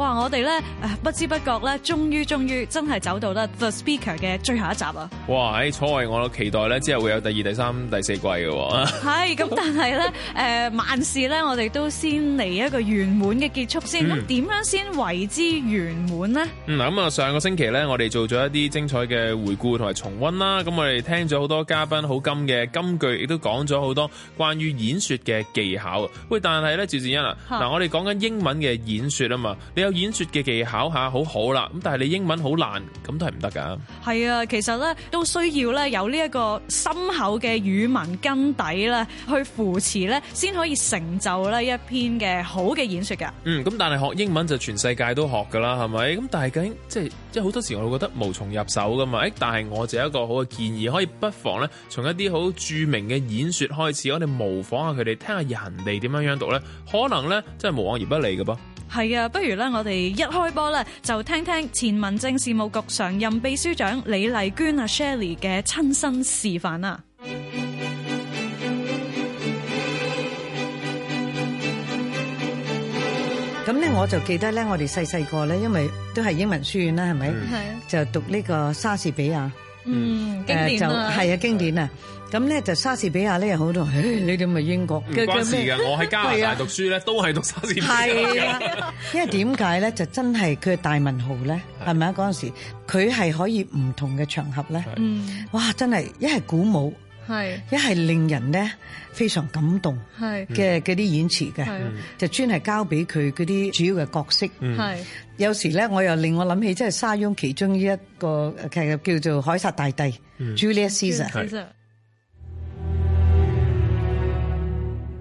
哇！我哋咧，誒，不知不覺咧，終於終於真係走到咧 The Speaker 嘅最後一集啊！哇！喺初愛，我期待咧，之後會有第二、第三、第四季嘅喎。係 咁，但係咧，誒、呃，萬事咧，我哋都先嚟一個圓滿嘅結束先。咁點樣先為之圓滿呢？咁啊、嗯，上個星期咧，我哋做咗一啲精彩嘅回顧同埋重溫啦。咁我哋聽咗好多嘉賓好金嘅金句，亦都講咗好多關於演説嘅技巧。喂，但係咧，趙善恩啊，嗱、啊，我哋講緊英文嘅演説啊嘛，演說嘅技巧下好好啦，咁但係你英文好爛，咁都係唔得噶。係啊，其實咧都需要咧有呢一個深厚嘅語文根底啦，去扶持咧先可以成就咧一篇嘅好嘅演說噶。嗯，咁但係學英文就全世界都學噶啦，係咪？咁但係究竟即係即係好多時我會覺得無從入手噶嘛？誒，但係我就有一個好嘅建議，可以不妨咧從一啲好著名嘅演說開始，我哋模仿下佢哋，聽下人哋點樣樣讀咧，可能咧真係無往而不利噶噃。係啊，不如咧，我哋一開波咧，就聽聽前民政事務局常任秘書長李麗娟啊 Shelly 嘅親身示範啊。咁咧，我就記得咧，我哋細細個咧，因為都係英文書院啦，係咪？係。Mm. 就讀呢個莎士比亞。Mm. 嗯，經典就係啊，經典啊。咁咧就莎士比亞咧好多，唉你哋咪英國唔關事噶，我喺加拿大讀書咧都係讀莎士比亞嘅。因為點解咧？就真係佢係大文豪咧，係咪啊？嗰陣時佢係可以唔同嘅場合咧，嗯，哇真係一係鼓舞，係一係令人咧非常感動嘅嗰啲演詞嘅，就專係交俾佢嗰啲主要嘅角色，係有時咧我又令我諗起即係莎翁其中一個其實叫做海薩大帝 Julius Caesar。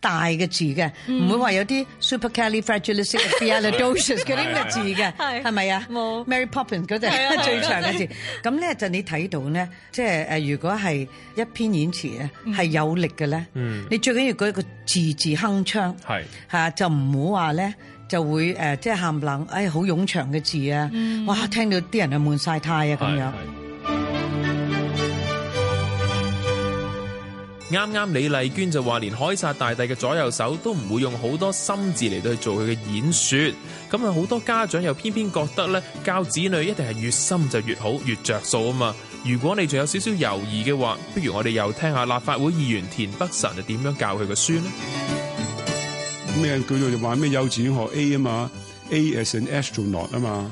大嘅字嘅，唔、mm. 會話有啲 supercalifragilisticexpialidocious 是嗰啲咁嘅字嘅，係咪啊？冇 Mary Poppins 嗰隻最長嘅字。咁咧就你睇到咧，即係誒，如果係一篇演詞咧係有力嘅咧，mm. 你最緊要嗰個字字鏗鏘，係嚇 是就唔好話咧就會誒即係喊冷，哎好冗長嘅字啊，mm. 哇聽到啲人啊悶晒太啊咁樣。 啱啱李麗娟就話，連凱撒大帝嘅左右手都唔會用好多心字嚟到去做佢嘅演說，咁啊好多家長又偏偏覺得咧，教子女一定係越深就越好，越着數啊嘛。如果你仲有少少猶豫嘅話，不如我哋又聽下立法會議員田北辰就點樣教佢嘅孫呢？咩叫做就話咩幼稚園學 A 啊嘛，A as an astronaut 啊嘛。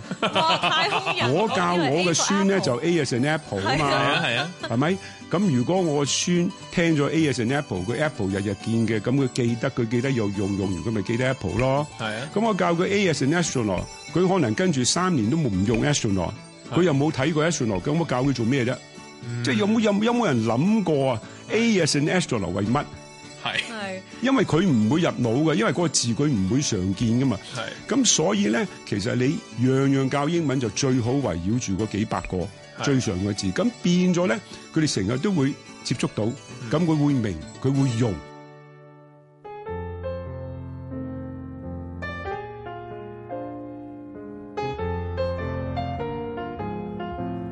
我教我嘅孫咧就 A as an Apple 啊嘛，係啊係啊，係咪啊？ 咁如果我孫聽咗 A as in Apple 佢 Apple 日日 App 見嘅，咁佢記得佢記得又用用完佢咪記得 Apple 咯。係啊，咁我教佢 A as in astronaut 佢可能跟住三年都冇唔用 astronaut，佢是又冇睇過 astronaut，咁我教佢做咩啫？嗯、即係有冇有有冇人諗過啊？A as in astronaut 為乜？係係，因為佢唔會入腦嘅，因為嗰個字佢唔會常見噶嘛。係是，咁所以咧，其實你樣樣教英文就最好圍繞住嗰幾百個。最常嘅字咁變咗咧，佢哋成日都會接觸到，咁佢會明，佢會用。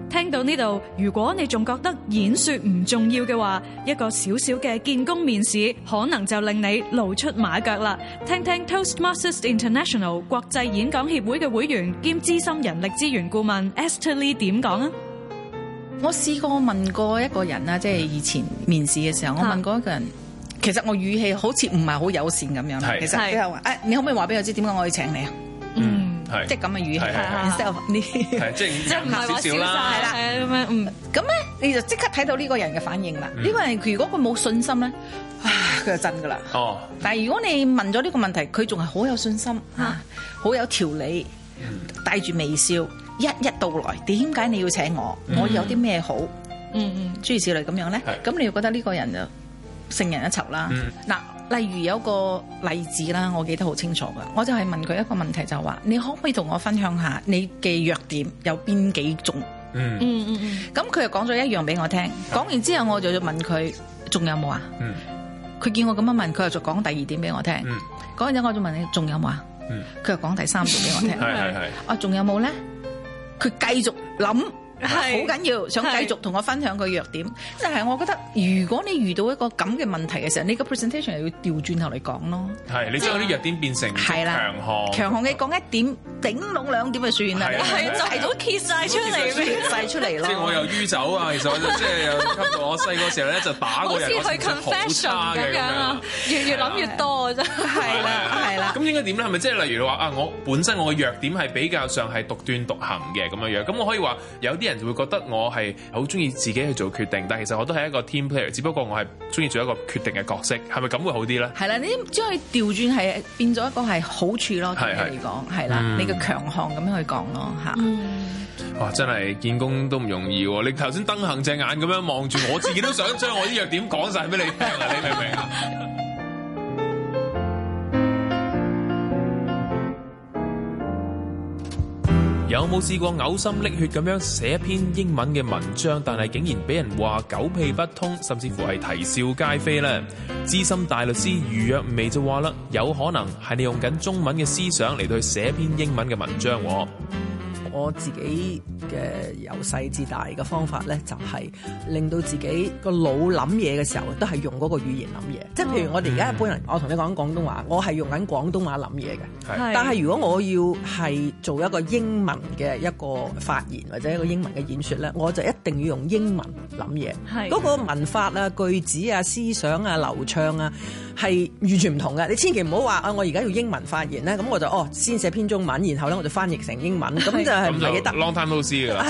聽到呢度，如果你仲覺得演說唔重要嘅話，一個小小嘅見工面試，可能就令你露出馬腳啦。聽聽 Toastmasters International 國際演講協會嘅會員兼資深人力資源顧問 Esther Lee 點講啊？我試過問過一個人啦，即係以前面試嘅時候，我問過一個人，其實我語氣好似唔係好友善咁樣。其實佢又話：誒，你可唔可以話俾我知點解我要請你啊？嗯，即係咁嘅語氣。style 呢，即係唔係我少曬啦？咁樣咁咧你就即刻睇到呢個人嘅反應啦。呢個人如果佢冇信心咧，啊，佢就震噶啦。但係如果你問咗呢個問題，佢仲係好有信心，嚇，好有條理，帶住微笑。一一道來，點解你要請我？我有啲咩好？嗯嗯，諸如此類咁樣咧，咁你又覺得呢個人就勝人一籌啦？嗱，例如有個例子啦，我記得好清楚㗎，我就係問佢一個問題，就話你可唔可以同我分享下你嘅弱點有邊幾種？嗯嗯嗯嗯，咁佢又講咗一樣俾我聽。講完之後，我就問佢仲有冇啊？嗯，佢見我咁樣問，佢又就講第二點俾我聽。嗯，講完之我就問你仲有冇啊？嗯，佢又講第三點俾我聽。係係係。哦，仲有冇咧？佢繼續諗。好緊要，想繼續同我分享個弱點，但係我覺得如果你遇到一個咁嘅問題嘅時候，你個 presentation 係會調轉頭嚟講咯。係，你將嗰啲弱點變成係啦，強項。強項嘅講一點，頂籠兩點就算啦。係，提早揭曬出嚟，揭曬出嚟咯。即係我又 U 走啊，其實即係我細個時候咧，就打個人去 confession 咁樣啊，越越諗越多啊，真係啦，係啦。咁應該點咧？係咪即係例如你話啊，我本身我嘅弱點係比較上係獨斷獨行嘅咁樣樣，咁我可以話有啲。啲人就會覺得我係好中意自己去做決定，但其實我都係一個 team player，只不過我係中意做一個決定嘅角色，係咪咁會好啲咧？係啦，你將佢調轉係變咗一個係好處咯，對佢嚟講係啦，你嘅強項咁樣去講咯吓，嗯、哇！真係見工都唔容易喎、啊，你頭先登行隻眼咁樣望住，我自己都想將我啲弱點講晒俾你聽 你明唔明啊？ 有冇試過嘔心瀝血咁樣寫一篇英文嘅文章，但係竟然俾人話狗屁不通，甚至乎係啼笑皆非呢？資深大律師余若薇就話啦，有可能係你用緊中文嘅思想嚟對寫篇英文嘅文章。我自己嘅由細至大嘅方法呢，就係、是、令到自己個腦諗嘢嘅時候，都係用嗰個語言諗嘢。即係譬如我哋而家一般人，我同你講廣東話，我係用緊廣東話諗嘢嘅。是但係如果我要係做一個英文嘅一個發言或者一個英文嘅演說呢，我就一定要用英文諗嘢。嗰是個文法啊、句子啊、思想啊、流暢啊。係完全唔同嘅，你千祈唔好話啊！我而家用英文發言咧，咁我就哦先寫篇中文，然後咧我就翻譯成英文，咁是就係唔係幾得？Long time no see 啊！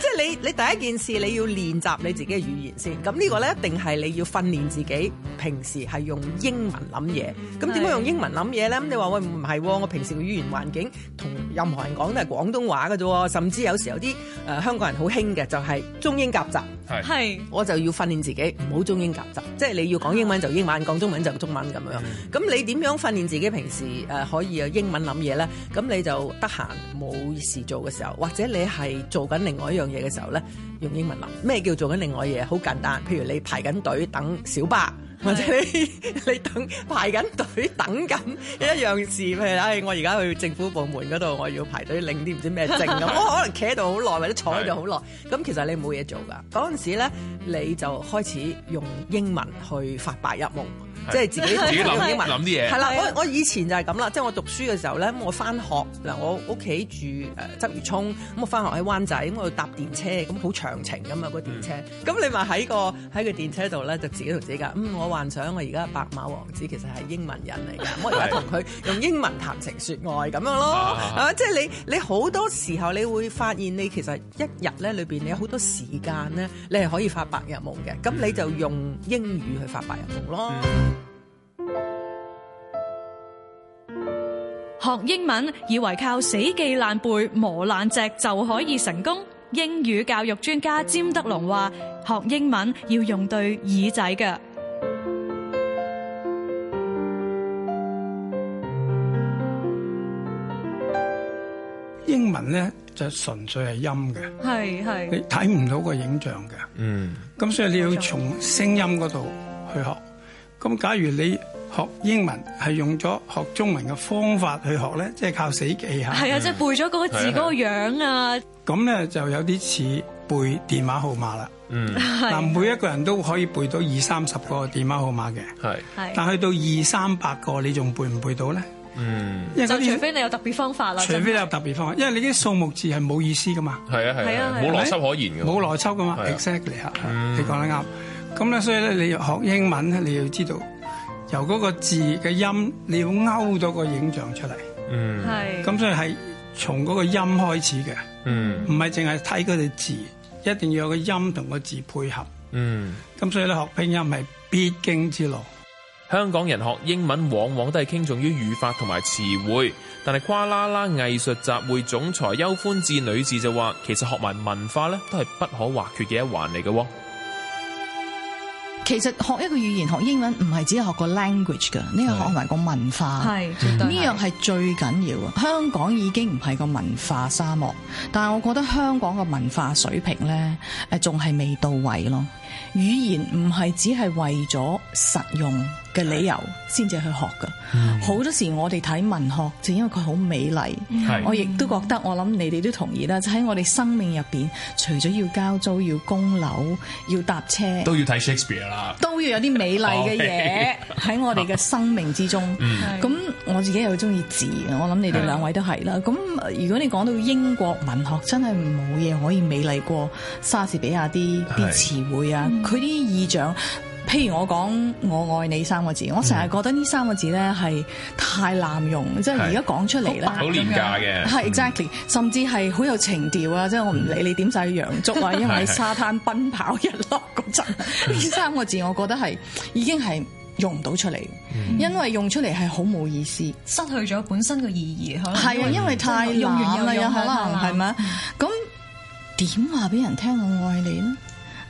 即係你你第一件事你要練習你自己嘅語言先，咁呢個咧一定係你要訓練自己平時係用英文諗嘢。咁點解用英文諗嘢咧？咁你話我唔係，我平時嘅語言環境同任何人講都係廣東話嘅啫，甚至有時有啲誒、呃、香港人好興嘅就係、是、中英夾雜，係是是我就要訓練自己唔好中英夾雜，即、就、係、是、你要講英文就英文講英文。講中文就中文咁樣，咁你點樣訓練自己平時誒可以有英文諗嘢咧？咁你就得閒冇事做嘅時候，或者你係做緊另外一樣嘢嘅時候咧，用英文諗咩叫做緊另外嘢？好簡單，譬如你排緊隊等小巴，或者你是 你等排緊隊等緊一樣事，譬如我而家去政府部門嗰度，我要排隊領啲唔知咩證咁， 我可能企喺度好耐，或者坐喺度好耐，咁是其實你冇嘢做㗎。嗰陣時咧，你就開始用英文去發白日夢。是即係自己是自己諗啲文諗啲嘢，係啦！我我以前就係咁啦，即、就、係、是、我讀書嘅時候咧，我翻、呃、學嗱，我屋企住誒鰂魚涌，咁我翻學喺灣仔，咁我搭電車，咁好長程咁啊個電車。咁、嗯、你咪喺個喺個電車度咧，就自己同自己講：嗯，我幻想我而家白馬王子其實係英文人嚟嘅，嗯、我而家同佢用英文談情説愛咁樣咯。啊，即係、就是、你你好多時候，你會發現你其實一日咧裏邊，你有好多時間咧，你係可以發白日夢嘅。咁你就用英語去發白日夢咯。嗯學英文以為靠死記爛背磨爛只就可以成功？英語教育專家詹德隆話：學英文要用對耳仔嘅。英文呢，就純粹係音嘅，係係你睇唔到個影像嘅。嗯，咁所以你要從聲音嗰度去學。咁假如你學英文係用咗學中文嘅方法去學咧，即係靠死記吓。係啊，即係背咗嗰個字嗰個樣啊。咁咧就有啲似背電話號碼啦。嗯，嗱，每一個人都可以背到二三十個電話號碼嘅。係，但去到二三百個你仲背唔背到咧？嗯，就除非你有特別方法啦。除非你有特別方法，因為你啲數目字係冇意思噶嘛。係啊係啊。冇邏輯可言嘅，冇邏輯噶嘛。Exactly 吓，你講得啱。咁咧，所以咧，你要學英文，你要知道。由嗰個字嘅音，你要勾到個影像出嚟。嗯，係。咁所以係從嗰個音開始嘅。嗯，唔係淨係睇嗰啲字，一定要有個音同個字配合。嗯。咁所以你學拼音係必經之路。香港人學英文往往都係傾重於語法同埋詞彙，但係跨啦啦藝術集會總裁邱歡智女士就話：其實學埋文化咧，都係不可或缺嘅一環嚟嘅喎。其實學一個語言，學英文唔係只係學個 language 噶，呢個的學埋個文化，呢樣係最緊要。嗯、香港已經唔係個文化沙漠，但係我覺得香港嘅文化水平咧，誒，仲係未到位咯。語言唔係只係為咗實用嘅理由先至去學㗎，好多時我哋睇文學就因為佢好美麗，我亦都覺得我諗你哋都同意啦。就喺我哋生命入邊，除咗要交租、要供樓、要搭車，都要睇 Shakespeare 啦， 都要有啲美麗嘅嘢，喺我哋嘅生命之中。咁我自己又鍾意字，我諗你哋兩位都係啦。咁如果你講到英國文學，真係冇嘢可以美麗過莎士比亞啲啲詞彙啊！佢啲意象，譬如我講我愛你三個字，我成日覺得呢三個字咧係太濫用，即係而家講出嚟咧，好廉價嘅，係 exactly，甚至係好有情調啊！即係我唔理你點晒洋燭啊，因為喺沙灘奔跑日落嗰陣，呢三個字我覺得係已經係用唔到出嚟，因為用出嚟係好冇意思，失去咗本身嘅意義，係啊，因為太濫啦，有可能係咪？咁點話俾人聽我愛你呢？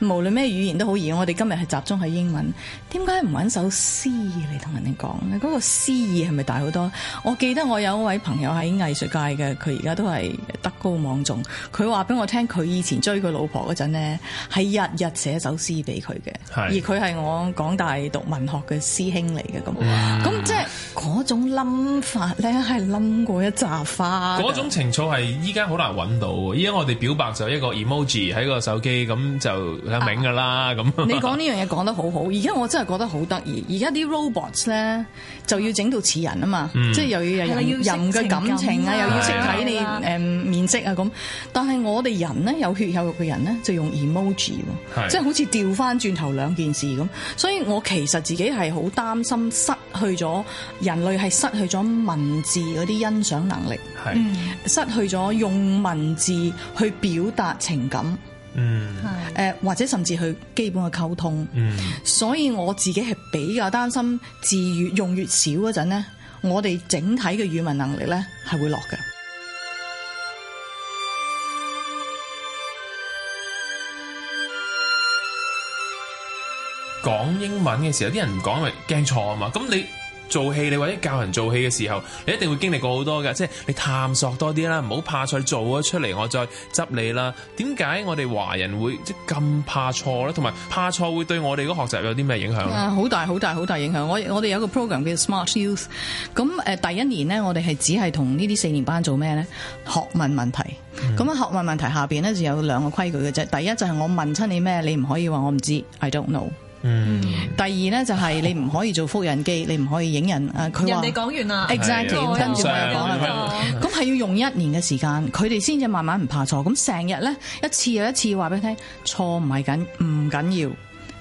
無論咩語言都好易，我哋今日係集中喺英文。點解唔搵首詩嚟同人哋講咧？嗰、嗰個詩意係咪大好多？我記得我有一位朋友喺藝術界嘅，佢而家都係德高望重。佢話俾我聽，佢以前追佢老婆嗰陣咧，係日日寫首詩俾佢嘅。是而佢係我港大讀文學嘅師兄嚟嘅，咁咁、嗯、即係嗰種冧法咧，係冧過一扎花。嗰種情操係依家好難搵到。依家我哋表白就一個 emoji 喺個手機，咁就。明噶啦，咁你講呢樣嘢講得好好，而家 我真係覺得好得意。而家啲 robots 咧就要整到似人啊嘛，嗯、即係又要人嘅的感情啊，的又要識睇你誒的、呃、面色啊咁。但係我哋人咧有血有肉嘅人咧就用 emoji，啊、是的 即係好似調翻轉頭兩件事咁。所以我其實自己係好擔心失去咗人類係失去咗文字嗰啲欣賞能力，的嗯、失去咗用文字去表達情感。嗯，係，誒，或者甚至去基本嘅溝通，Mm. 所以我自己係比較擔心，字越用越少嗰陣咧，我哋整體嘅語文能力咧係會落嘅。講英文嘅時候，啲人唔講咪驚錯啊嘛，咁你。做戲你或者教人做戲嘅時候，你一定會經歷過好多嘅，即係你探索多啲啦，唔好怕錯，你做咗出嚟，我再執你啦。點解我哋華人會即係咁怕錯咧？同埋怕錯會對我哋個學習有啲咩影響？啊，好大好大好大影響！我我哋有一個 program 叫 Smart Youth 咁，誒，第一年呢，我哋係只係同呢啲四年班做咩咧？學問問題。咁啊、嗯，學問問題下邊咧就有兩個規矩嘅啫。第一就係我問親你咩，你唔可以話我唔知，I don't know。嗯， 第二咧就係、是、你唔可以做複印機， 你唔可以影人。誒，佢話人哋講完啊 Exactly 跟住我又講啦。咁係要用一年嘅時間，佢哋先至慢慢唔怕錯。咁成日咧一次又一次話俾你聽，錯唔係緊唔緊要，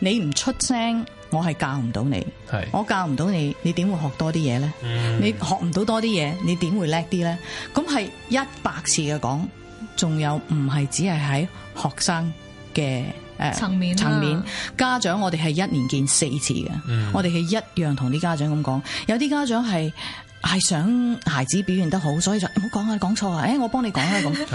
你唔出聲，我係教唔到你。係，是 我教唔到你，你點會學多啲嘢咧？你學唔到多啲嘢，你點會叻啲咧？咁係一百次嘅講，仲有唔係只係喺學生嘅。層面、呃、層面，層面，家長，我哋係一年見四次嘅，嗯，我哋係一樣同啲家長咁講，有啲家長係。係想孩子表現得好，所以就唔好講啊，講錯啊！誒，我幫你講啦咁。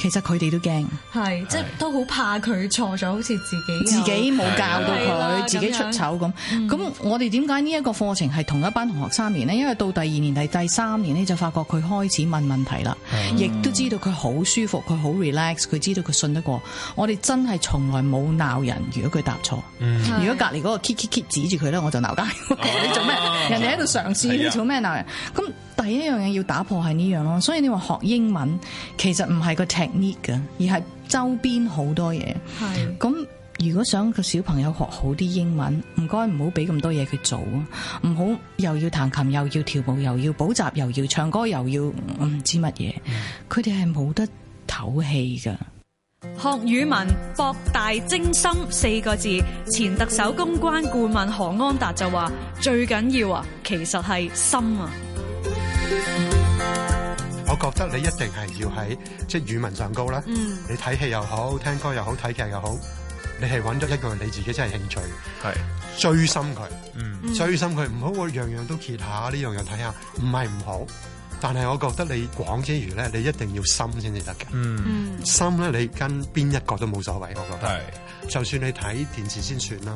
其實佢哋都驚，係即係都好怕佢錯咗，好似自己自己冇教到佢，自己出醜咁。咁我哋點解呢一個課程係同一班同學三年呢？因為到第二年、係第三年呢，就發覺佢開始問問題啦，亦都知道佢好舒服，佢好 relax，佢知道佢信得過。我哋真係從來冇鬧人，如果佢答錯，如果隔離嗰個 kick kick kick 指住佢咧，我就鬧街。我講你做咩？人哋喺度嘗試，你做咩鬧人？咁第一樣嘢要打破係呢樣咯，所以你話學英文其實唔係個 technique 嘅，而係周邊好多嘢。係咁是，如果想個小朋友學好啲英文，唔該唔好俾咁多嘢佢做啊，唔好又要彈琴又要跳舞又要補習又要唱歌又要唔知乜嘢，佢哋係冇得唞氣噶。學語文博大精深四個字，前特首公關顧問何安達就話：最緊要啊，其實係心啊。我覺得你一定係要喺即係語文上高啦。嗯、你睇戲又好，聽歌又好，睇劇又好，你係揾咗一個你自己真係興趣，係是追深佢，嗯、追深佢。唔好我樣樣都揭下呢樣樣睇下，唔係唔好。但係我覺得你廣之餘咧，你一定要深先至得嘅。嗯，深咧你跟邊一個都冇所謂，我覺得。係是。就算你睇電視先算啦。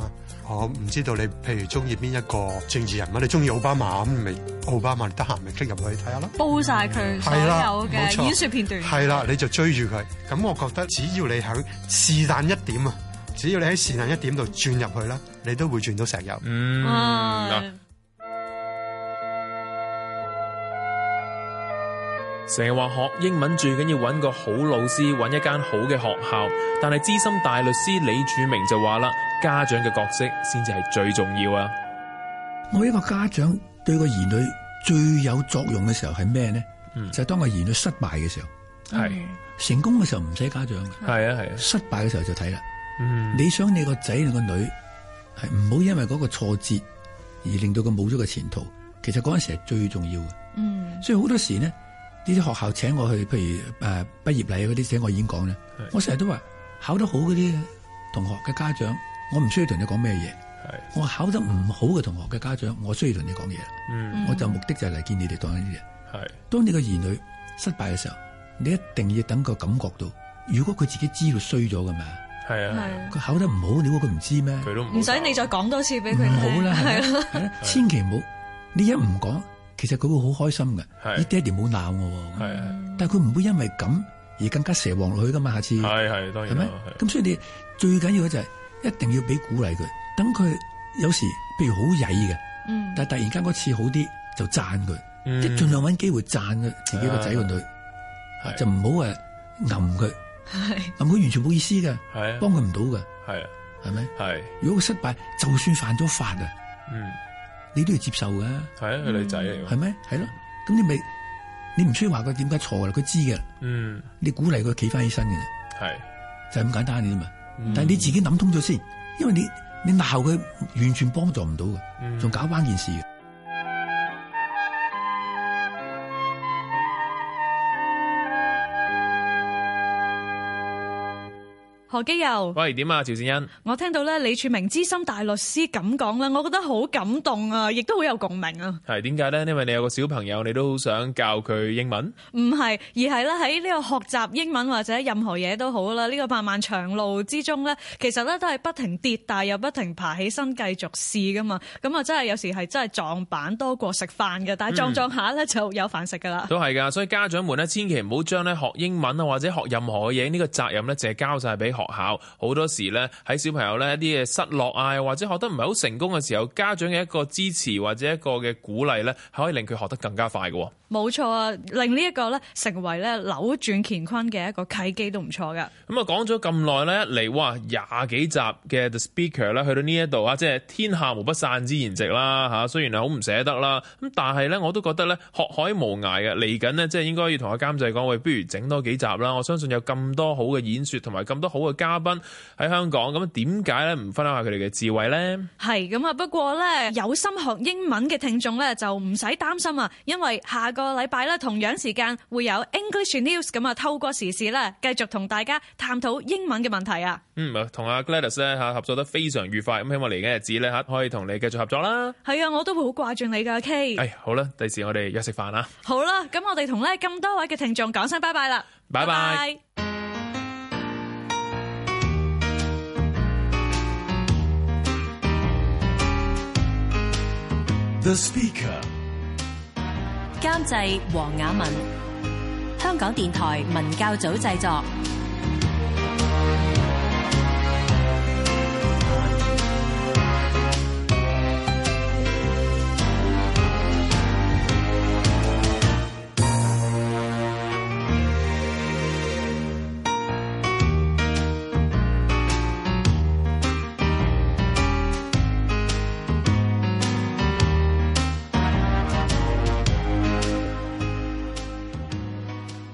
我唔知道你譬如中意邊一個政治人物，你中意奧巴馬咁，咪奧巴馬得閒咪撳入去睇下囉。煲晒佢所有嘅演說片段。係啦，你就追住佢。咁我覺得只要你喺是但一點啊，只要你喺是但一點度轉入去啦，你都會轉到石油。嗯。啊成日話學英文最緊要揾個好老師，揾一間好嘅學校。但係資深大律師李柱明就話啦，家長嘅角色先至係最重要啊！我一個家長對個兒女最有作用嘅時候係咩咧？嗯、就係當個兒女失敗嘅時候，係、嗯、是成功嘅時候唔使家長嘅，係啊係啊，啊啊失敗嘅時候就睇啦。嗯，你想你個仔你個女係唔好因為嗰個挫折而令到佢冇咗個前途，其實嗰陣時係最重要嘅。嗯，所以好多時咧。呢啲學校請我去，譬如誒畢業禮嗰啲請我演講咧，我成日都話考得好嗰啲同學嘅家長，我唔需要同你講咩嘢。我考得唔好嘅同學嘅家長，我需要同你講嘢。我就目的就係嚟見你哋講一啲嘢。當你個兒女失敗嘅時候，你一定要等佢感覺到。如果佢自己知道衰咗嘅嘛，佢考得唔好，你估佢唔知咩？唔使你再講多次俾佢聽。好啦，千祈唔好，你一唔講。其實佢會好開心嘅，啲爹哋冇鬧我嘅，但係佢唔會因為咁而更加蛇王落去噶嘛，下次係係，當然係咪？咁所以你最緊要嘅就係一定要俾鼓勵佢，等佢有時譬如好曳嘅，但係突然間嗰次好啲就讚佢，即係盡量揾機會讚佢自己個仔個女，就唔好誒吟佢，冧佢完全冇意思嘅，幫佢唔到嘅，係咪？如果佢失敗就算犯咗法啊。你都要接受嘅，係啊、嗯，佢女仔嚟，係咩、嗯？係咯，咁你咪你唔需要話佢點解錯啦，佢知嘅，嗯，你鼓勵佢企翻起身嘅，係是就係咁簡單嘅啫嘛。嗯、但係你自己諗通咗先，因為你你鬧佢完全幫助唔到嘅，仲、嗯、搞翻件事。何基佑，喂？點啊，趙善恩？我聽到咧李柱明資深大律師咁講啦，我覺得好感動啊，亦都好有共鳴啊。係點解咧？因為你有個小朋友，你都好想教佢英文。唔係，而係咧喺呢個學習英文或者任何嘢都好啦，呢個漫漫長路之中咧，其實咧都係不停跌，但係又不停爬起身繼續試噶嘛。咁啊，真係有時係真係撞板多過食飯嘅，但係撞撞下咧就有飯食噶啦。都係噶，所以家長們咧千祈唔好將咧學英文啊或者學任何嘢呢個責任咧，淨係交晒俾。學校好多時咧，喺小朋友咧一啲嘅失落啊，或者學得唔係好成功嘅時候，家長嘅一個支持或者一個嘅鼓勵咧，係可以令佢學得更加快嘅。冇錯啊，令呢一個咧成為咧扭轉乾坤嘅一個契機都唔錯噶。咁啊，講咗咁耐咧，嚟哇廿幾集嘅 The Speaker 咧，去到呢一度啊，即係天下無不散之筵席啦，吓，雖然係好唔捨得啦，咁但係咧我都覺得咧學海無涯嘅，嚟緊呢，即係應該要同阿監製講，喂，不如整多幾集啦。我相信有咁多好嘅演說同埋咁多好。個嘉賓喺香港，咁點解咧唔分享下佢哋嘅智慧咧？係咁啊，不過咧有心學英文嘅聽眾咧就唔使擔心啊，因為下個禮拜咧同樣時間會有 English News，咁啊透過時事咧繼續同大家探討英文嘅問題啊。嗯，同阿 Gladys 咧吓合作得非常愉快，咁希望嚟緊日子咧吓可以同你繼續合作啦。係啊，我都會好掛住你噶 Kay。哎，好啦，第時我哋約食飯啊。好啦，咁我哋同咧咁多位嘅聽眾講聲拜拜啦。拜拜。監製黃雅文香港電台文教組製作。